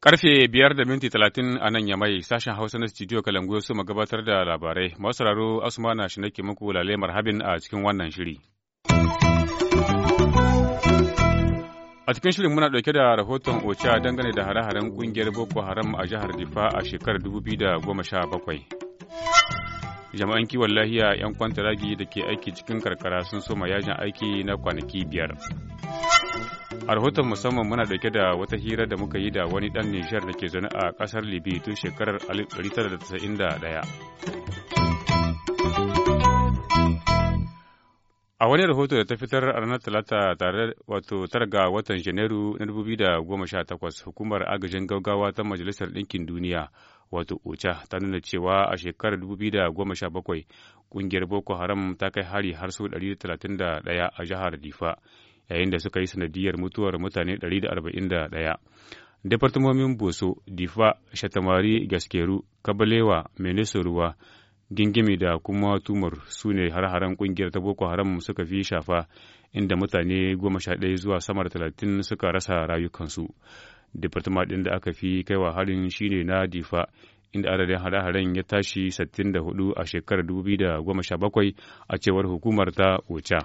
Karfe biyar da minti talatin a nan yamai sashen Hausa na studio Kalangu su gabatar da labarai. Masu raro Asuma na shi nake muku lale habin a cikin wannan shiri. A cikin shirin muna ɗauke da rahoton OCHA dangane da hare-haren ƙungiyar Boko Haram a jihar Difa a shekarar goma sha bakwai. Jama'an kiwon lahiya 'yan kwantaragi da ke aiki cikin karkara sun soma yajin aiki na kwanaki biyar. A rahoton musamman muna ɗauke da wata hira da muka yi da wani ɗan Nijar da ke zaune a ƙasar Libya tun shekarar 1991. wani rahoto da ta fitar a ranar Talata tare wato ga watan Janairu na dubu da goma sha takwas hukumar agajin gaggawa ta Majalisar Ɗinkin Duniya wato OCHA ta nuna cewa a shekarar dubu da goma sha bakwai kungiyar Boko Haram ta kai hari har sau ɗaya a jihar Difa yayin da suka yi sanadiyar mutuwar mutane da da arba'in ɗaya Departamomin Boso, Difa, Shatamari, Gaskeru, Kabalewa, Menesoruwa, ruwa gingimi da kuma tumur su ne har-haren kungiyar ta boko haram suka fi shafa inda mutane goma sha ɗaya zuwa samar da talatin suka rasa rayukansu departama ɗin da aka fi kaiwa harin shine na difa inda adadin hare-haren ya tashi 64 a shekarar 2017 a cewar hukumar ta wuce.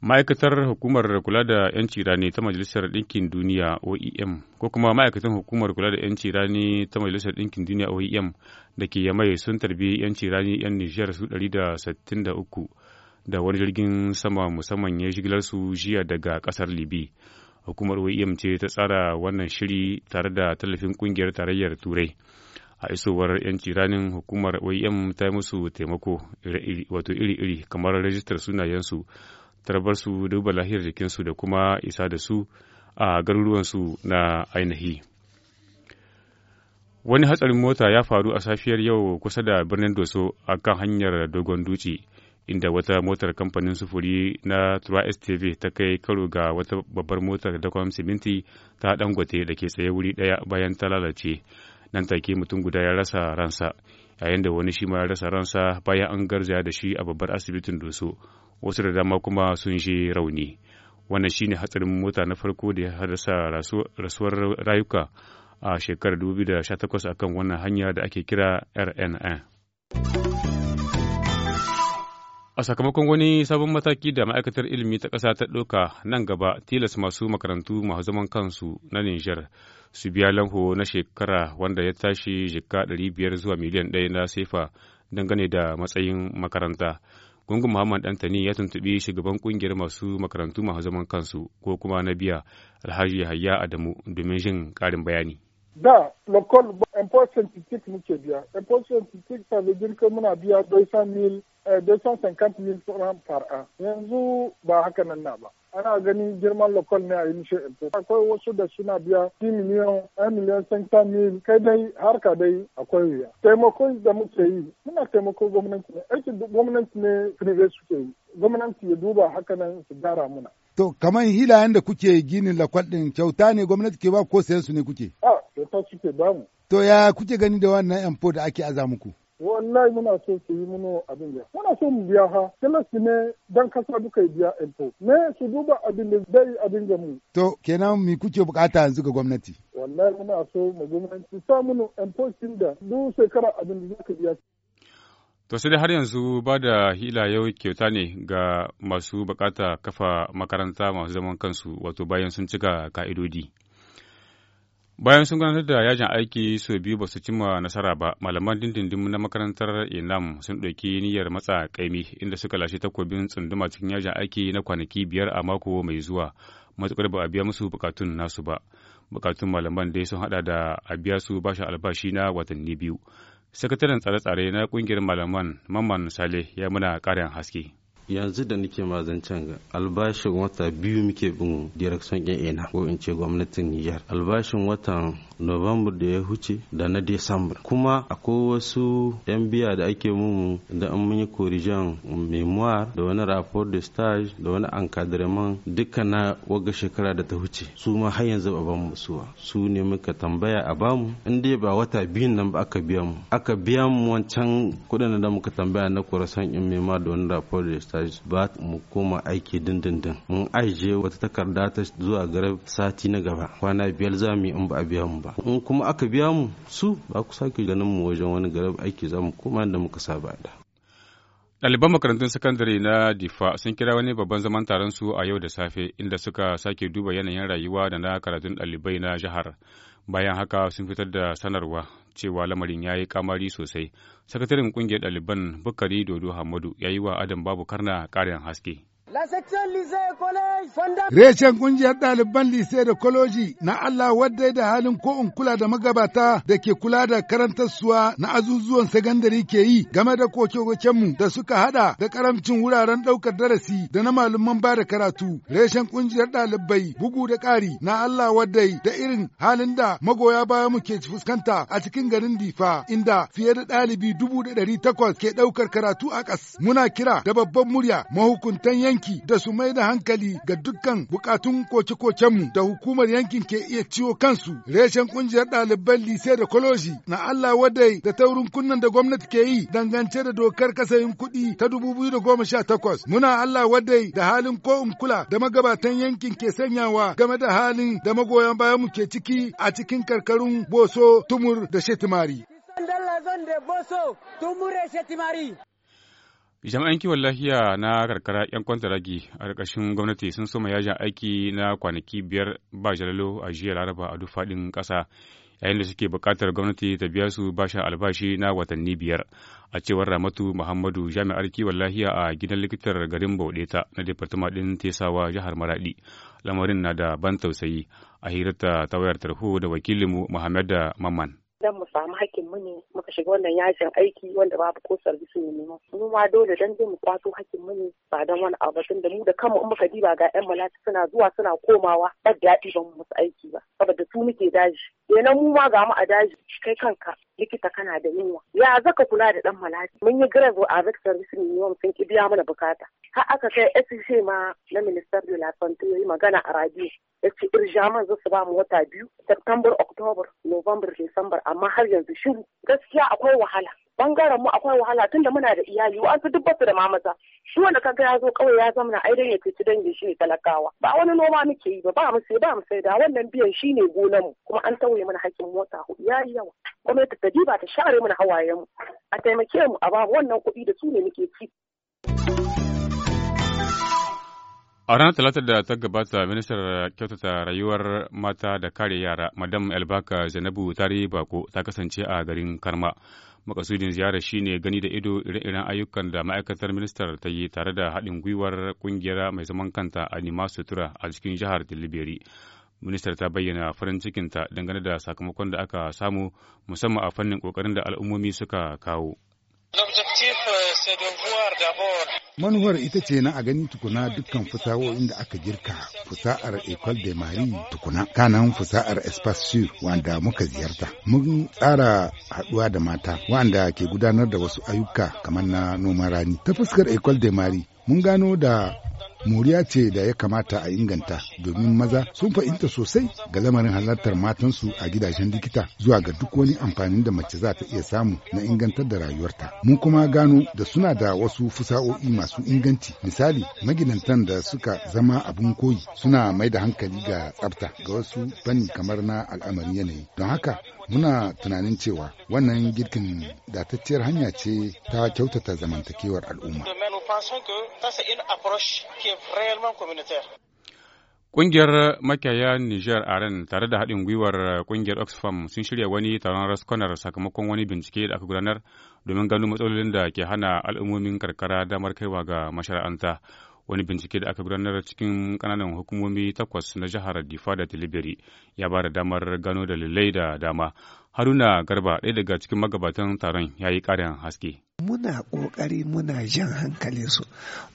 ma'aikatar hukumar kula da 'yanci rani ta majalisar ɗinkin duniya oem ko kuma ma'aikatan hukumar kula da 'yanci rani ta majalisar ɗinkin duniya oem da ke yamai sun tarbi 'yanci rani 'yan nijar su 163 da da uku wani jirgin sama musamman ya shigilar su jiya daga ƙasar libi hukumar oem ce ta tsara wannan shiri tare da tallafin ƙungiyar tarayyar turai a isowar 'yanci ranin hukumar oem ta yi musu taimako wato iri-iri kamar rajistar sunayensu tarbar su duba lahiyar jikinsu da kuma isa da su a garuruwansu na ainihi. Wani hatsarin mota ya faru a safiyar yau kusa da birnin Doso a kan hanyar Dogon Duci, inda wata motar kamfanin sufuri na Tura STV ta kai karo ga wata babbar motar dakon siminti ta dangote da ke tsaye wuri daya bayan ta lalace. Nan take mutum guda ya rasa ransa, yayin da wani shi ma ya rasa ransa bayan an garzaya da shi a babbar asibitin Doso. wasu da dama kuma sun je rauni wannan shine hatsarin mota na farko da ya haddasa rasuwar rayuka a shekarar 2018 akan wannan hanya da ake kira rnn A sakamakon wani sabon mataki da ma'aikatar ilimi ta ƙasa ta ɗauka nan gaba tilas masu makarantu masu zaman kansu na niger su biya lanho na shekara wanda ya tashi jika 500 zuwa miliyan ɗaya na sefa dangane da matsayin makaranta. Gungun Muhammad Dantani ya tuntuɓi shugaban ƙungiyar masu makarantu masu zaman kansu ko kuma na biya Alhaji Yahaya Adamu domin jin ƙarin bayani. Da, lokal import scientific muke biya. Import scientific ta muna biya 200 mil 250 eh, mil francs par an yanzu ba haka nan na ba ana gani girman lokal ne a yi mishi akwai wasu da suna biya 10 miliyan 1 miliyan 500 kai dai harka dai akwai wuya taimakon da muke yi muna taimako gwamnati ne aikin gwamnati ne prive suke yi gwamnati ya duba haka nan su gyara muna to kamar hilayen da kuke ginin lakwal din kyauta ne gwamnati ke ba ko sayan su ne kuke a ah, kyauta suke mu. to ya kuke gani da wannan yan da ake aza muku wallahi muna so su yi muno abin da muna so mu biya ha su ne dan kasa duka biya info ne su duba abin da zai abin da mu to kenan mi kuke bukata yanzu ga gwamnati wallahi muna so mu gwamnati sa muno info da duk shekara abin da zaka biya To sai dai har yanzu ba da yau kyauta ne ga masu bukata kafa makaranta masu zaman kansu wato bayan sun cika ka'idodi. Bayan sun gudanar da yajin aiki sau biyu ba su cimma nasara ba, malaman dindindin na makarantar Inam sun ɗauki niyyar matsa kaimi inda suka lashe takobin tsunduma cikin yajin aiki na kwanaki biyar a mako mai zuwa, matuƙar ba a biya musu bukatun nasu ba. Bukatun malaman dai sun haɗa da a biya su bashin albashi na watanni biyu. Sakataren tsare-tsare na ƙungiyar malaman Mamman Sale ya muna ƙarin haske. yanzu da nake can ga albashin wata biyu muke bin direction ina ko in ce gwamnatin niger albashin watan Nuwambar da ya huce da na Desamba kuma akwai wasu yan biya da ake mun da an mun yi korijan memoir da wani rapport de stage da wani encadrement duka na waga shekara da ta huce su ma har yanzu ba bamu ba su ne muka tambaya a bamu in dai ba wata biyun nan ba aka biya mu aka biya mu wancan kuɗin da muka tambaya na kurasan in memoir da wani rapport de stage portage ba mu koma aiki dindindin mun aije wata takarda ta zuwa gare sati na gaba kwana biyar za mu yi in ba a biya mu ba in kuma aka biya mu su ba ku sake ganin mu wajen wani gare aiki za mu koma da muka saba da Ɗaliban makarantun sakandare na Difa sun kira wani babban zaman taron su a yau da safe inda suka sake duba yanayin rayuwa da na karatun ɗalibai na jihar. Bayan haka sun fitar da sanarwa cewa lamarin ya yi kamari sosai. Sakataren ƙungiyar ɗaliban Bukari Dodo Hamadu ya yi wa Adam Babu Karna ƙarin haske. Reshen kungiyar ɗaliban lise da koloji na Allah wadda da halin ko in kula da magabata da ke kula da karantar karantarsuwa na azuzuwan sakandare ke yi game da koke mu da suka hada da karamcin wuraren ɗaukar darasi da na malaman ba da karatu. Reshen kungiyar ɗalibai bugu da ƙari na Allah wadda da irin halin da magoya baya mu ke fuskanta a cikin garin Difa inda fiye da ɗalibi dubu da ɗari takwas ke ɗaukar karatu a ƙas. Muna kira da babban murya mahukuntan yanki yanki da su mai da hankali ga dukkan bukatun koce-kocenmu da hukumar yankin ke iya ciwo kansu. Reshen kungiyar ɗaliban lise da koloji na Allah wadai da taurin kunnan da gwamnati ke yi dangance da dokar kasayin kuɗi ta dubu biyu da goma takwas Muna Allah wadai da halin ko in kula da magabatan yankin ke sanyawa game da halin da magoyan bayanmu ke ciki a cikin karkarun Boso, Tumur da Shetimari. Boso, Shetimari. jami'an kiwon lafiya na karkara 'yan kwantaragi a ƙarƙashin gwamnati sun soma yajin aiki na kwanaki biyar ba jalalo a jiya laraba a duk faɗin ƙasa yayin da suke buƙatar gwamnati ta biya su bashin albashi na watanni biyar a cewar ramatu muhammadu jami'ar kiwon lafiya a gidan likitar garin bauɗeta na departama ɗin tesawa jihar Maraɗi lamarin na da ban tausayi a hirarta ta wayar tarho da wakilinmu muhammad mamman dan mu samu hakkin mu ne muka shiga wannan yajin aiki wanda babu ko service ne nema mu ma dole dan dai mu kwato hakkin mu ne ba dan wani abu tun da mu da kanmu in muka diba ga yan malati suna zuwa suna komawa ba daɗi ba mu musu aiki ba saboda su muke daji kenan mu ma ga mu a daji kai kanka likita kana da yunwa ya zaka kula da dan malati mun yi grave a risk e service ne mu sun ki biya mana bukata har aka kai SC ma na minister de la santé yayi magana a radio ya ce irjaman za su ba mu wata biyu september october november december amma har yanzu shiru gaskiya akwai wahala bangaren mu akwai wahala tun da muna da iyali wa su dubbatu da mamasa. shi wanda kaga ya zo kawai ya zamana ai dan ya ci dangin shi ne talakawa ba wani noma muke yi ba ba mu sai ba mu sai da wannan biyan shi ne gonan mu kuma an tauye mana hakkin mota hudu yi yawa gwamnati ta ba ta share mana hawayen mu a taimake mu a ba wannan kuɗi da su ne muke ci A ranar Talatar da ta gabata, ministar kyautata rayuwar mata da kare yara, Madam Elbaka Zainabu Tari Bako ta kasance a garin Karma. Makasudin ziyarar ne gani da ido ire-iren ayyukan da ma'aikatar ministar ta yi tare da haɗin gwiwar ƙungiyar mai zaman kanta a nima Sutura a cikin jihar tilibiri Ministar ta bayyana farin cikinta dangane da sakamakon da aka samu musamman a fannin ƙoƙarin da al'ummomi suka kawo. manuwar ita ce na a gani tukuna dukkan fusawo da aka girka fusa'ar ecole de mari tukuna kanan fusa'ar espace wanda muka ziyarta mun tsara haduwa da mata wanda ke gudanar da wasu ayyuka kamar na noman rani ta fuskar ecole de mari mun gano da moriya ce da ya kamata a inganta domin maza sun fahimta sosai ga lamarin halartar matansu a gidajen likita zuwa ga duk wani amfanin da mace za ta iya samu na ingantar da rayuwarta. Mun kuma gano da suna da wasu fusa'o'i masu inganci. Misali, maginantan da suka zama abin koyi suna mai da hankali ga tsafta ga wasu fanni kamar na al'amarin yanayi. Don haka, muna tunanin cewa wannan girkin datacciyar hanya ce ta kyautata zamantakewar al'umma. pensons que ça, c'est une approche qui est réellement communautaire. Ƙungiyar makiyaya niger a tare da haɗin gwiwar eh, kungiyar Oxfam sun shirya wani taron raskonar sakamakon wani bincike da aka gudanar domin gano matsalolin da ke hana al'ummomin karkara damar kaiwa ga mashara'anta. Wani bincike da aka gudanar cikin kananan hukumomi takwas na jihar Difa da Tilibiri ya ba da damar gano dalilai da dama. Haruna Garba ɗaya daga cikin magabatan taron ya yi ƙarin haske. Muna ƙoƙari muna jan hankalin su,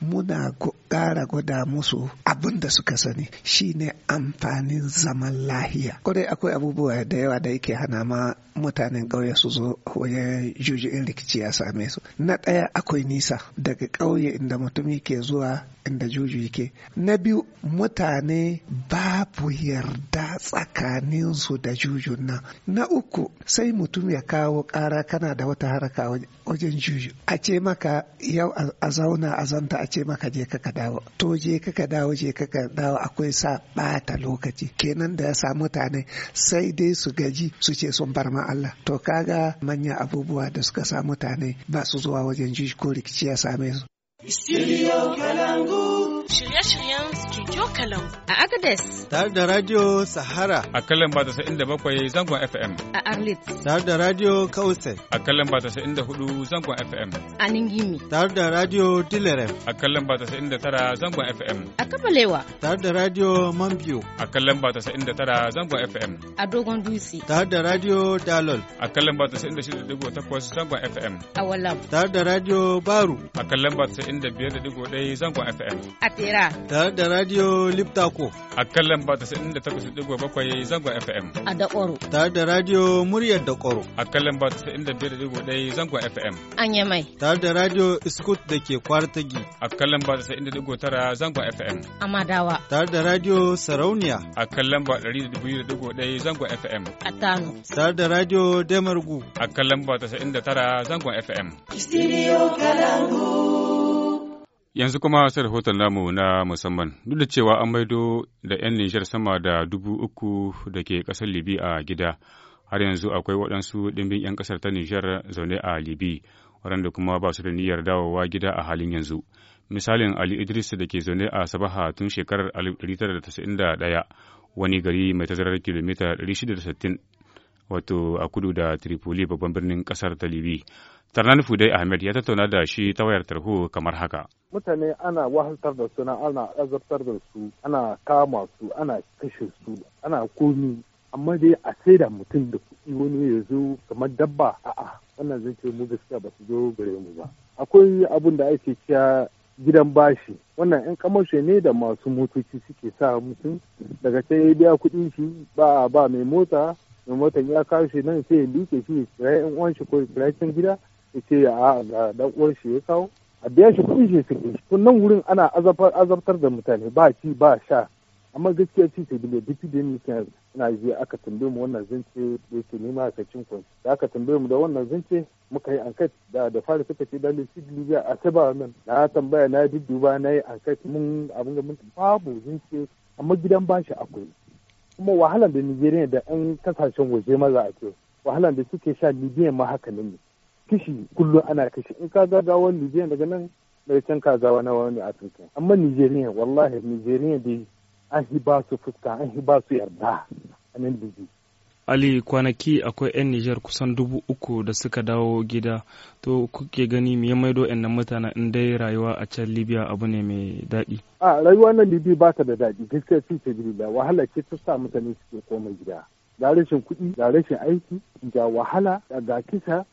muna ƙara gwada musu abin da suka sani shine amfanin zaman lahiya. Kwarai akwai abubuwa da yawa da yake hana ma mutanen ƙauye su zo wajen rikici ya same su. Na ɗaya akwai nisa daga ƙauye inda mutum yake zuwa inda juju yake. Na biyu mutane babu yarda tsakaninsu da juju nan. Na uku to sai mutum ya kawo ƙara kana da wata haraka wajen juju a ce maka yau a zauna a zanta a ce maka je ka dawo to je ka dawo je ka dawo akwai sa ɓata lokaci kenan da ya sa mutane sai dai su gaji su ce sun bar ma Allah to kaga manya abubuwa da suka sa mutane ba su zuwa wajen juju ko rikici ya same su. Studio Kalangu. shirye-shiryen studio Kalam a Agadez. Tare da Radio Sahara. A kalan ba inda bakwai zangon FM. A Arlit. Tare da Radio Kausai. A kalan ba inda hudu zangon FM. A Ningimi. Tare da Radio Dilerem. A kalan ba inda tara zangon FM. A Kabalewa. Tare da Radio Mambiyo. A kalan ba inda tara zangon FM. A Dogon Dutse. Tare da Radio Dalol. A kalan ba takwas zangon FM. A Walam. Tare da Radio Baru. A kalan ba 95.1 zangon FM. A Tera. Tare da Radio Liptako. A kan lamba bakwai zango FM. A Dakoro. Tare da Radio Muryar Dakoro. A kan lamba 95.1 zango FM. An Yamai. Tare da Radio Iskut da ke Kwartagi. A kan lamba tara zango FM. A Madawa. Tare da Radio Sarauniya. A kan lamba 102.1 zango FM. A Tano. Tare da Radio Demargu. A kan lamba tara Zango FM. Studio Kalangu. Yanzu kuma sai rahoton namu na musamman duk da cewa an maido da 'yan Nijar sama da dubu uku da ke ƙasar Libi a gida, har yanzu akwai waɗansu ɗimbin 'yan ƙasar ta Nijar zaune a Libi, waɗanda kuma ba su da niyyar dawowa gida a halin yanzu. Misalin Ali Idris da ke zaune a Sabaha tun shekarar 1991 wani gari mai tazarar kilomita 660 wato a kudu da Tripoli babban birnin ƙasar ta Libi. Tarnani Fudai Ahmed ya tattauna da shi ta wayar tarho kamar haka. Mutane ana wahaltar da suna ana azabtar da su ana kama su ana kashe su ana komi amma dai a sai da mutum da kuɗi wani ya zo kamar dabba a'a wannan zai ce mu gaskiya ba su zo gare mu ba. Akwai abun da ake cewa gidan bashi wannan yan kamashe ne da masu motoci suke sa mutum daga sai ya biya kuɗi shi ba ba mai mota mai motan ya kawo shi nan sai ya duke shi ya kira ƴan uwan shi ko kira gida ce ya a dan uwan shi ya kawo a biya shi kuɗin shi sai shi nan wurin ana azabtar da mutane ba ci ba sha amma gaskiya ci ta bile duk da yake ina je aka tambaye mu wannan zance da yake nema ka cin kun da aka tambaye mu da wannan zance muka yi ankat da da fara suka ce dalil shi libya a saba nan na tambaya na dudduba na yi ankat mun abin da mun babu zance amma gidan bashi akwai kuma wahalar da Nijeriya da 'yan kasashen waje maza a ce wahalar da suke sha Libya ma haka ne kishi kullum ana kishi in ka ga wani Nijiyan daga nan bai can ka zawa na wani Afirka amma nigeria wallahi nigeria dai an hi ba su fuska an hi ba su yarda a nan Ali kwanaki akwai 'yan Nijar kusan dubu uku da suka dawo gida to kuke gani me maido 'yan mutanen in dai rayuwa a can Libya abu ne mai daɗi. A rayuwa na Libya ba ta da daɗi gaskiya fi ta Libya wahala ce ta sa mutane suke koma gida. Ga rashin kuɗi, ga rashin aiki, ga wahala, ga kisa,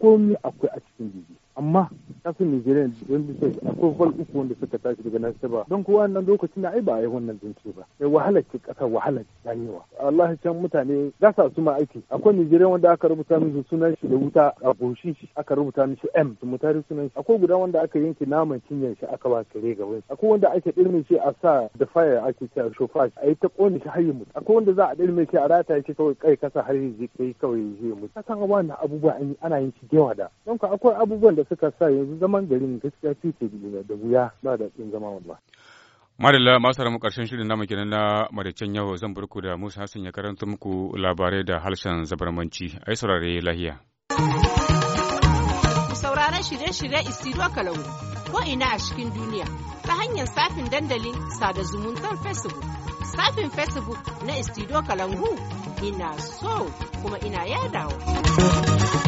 komi akwai a cikin jiki amma kasan Nigeria don bisa akwai bal uku wanda suka tashi daga nasu ba don kowa nan lokacin da ai ba yi wannan zance ba eh wahalar ce kasa wahalar ganewa Allah can mutane gasa su ma aiki akwai Nigeria wanda aka rubuta musu sunan shi da wuta a goshin shi aka rubuta musu M mutare sunan shi akwai guda wanda aka yanke naman cinyar shi aka ba kare ga wani akwai wanda ake ɗirme shi a sa da fire ake cewa shofa a yi ta ƙone shi har yi mutu akwai wanda za a ɗirme shi a rata shi kawai kai kasa har yi kai kawai yi mutu kasan abubuwan abubuwa ana yin shi da yawa da don akwai abubuwan da suka sa yanzu zaman garin gaskiya titi da wuya ba da zama wallah. Madalla masu mu karshen shirin namu kenan na maraicen yau zan burku da Musa Hassan ya karanta muku labarai da harshen zabarmanci. Ai saurare lahiya. Sauraron shirye-shirye Isidro Kalangu ko ina a cikin duniya ta hanyar safin dandalin sada zumuntar Facebook. Safin Facebook na Isidro Kalangu ina so kuma ina yadawa.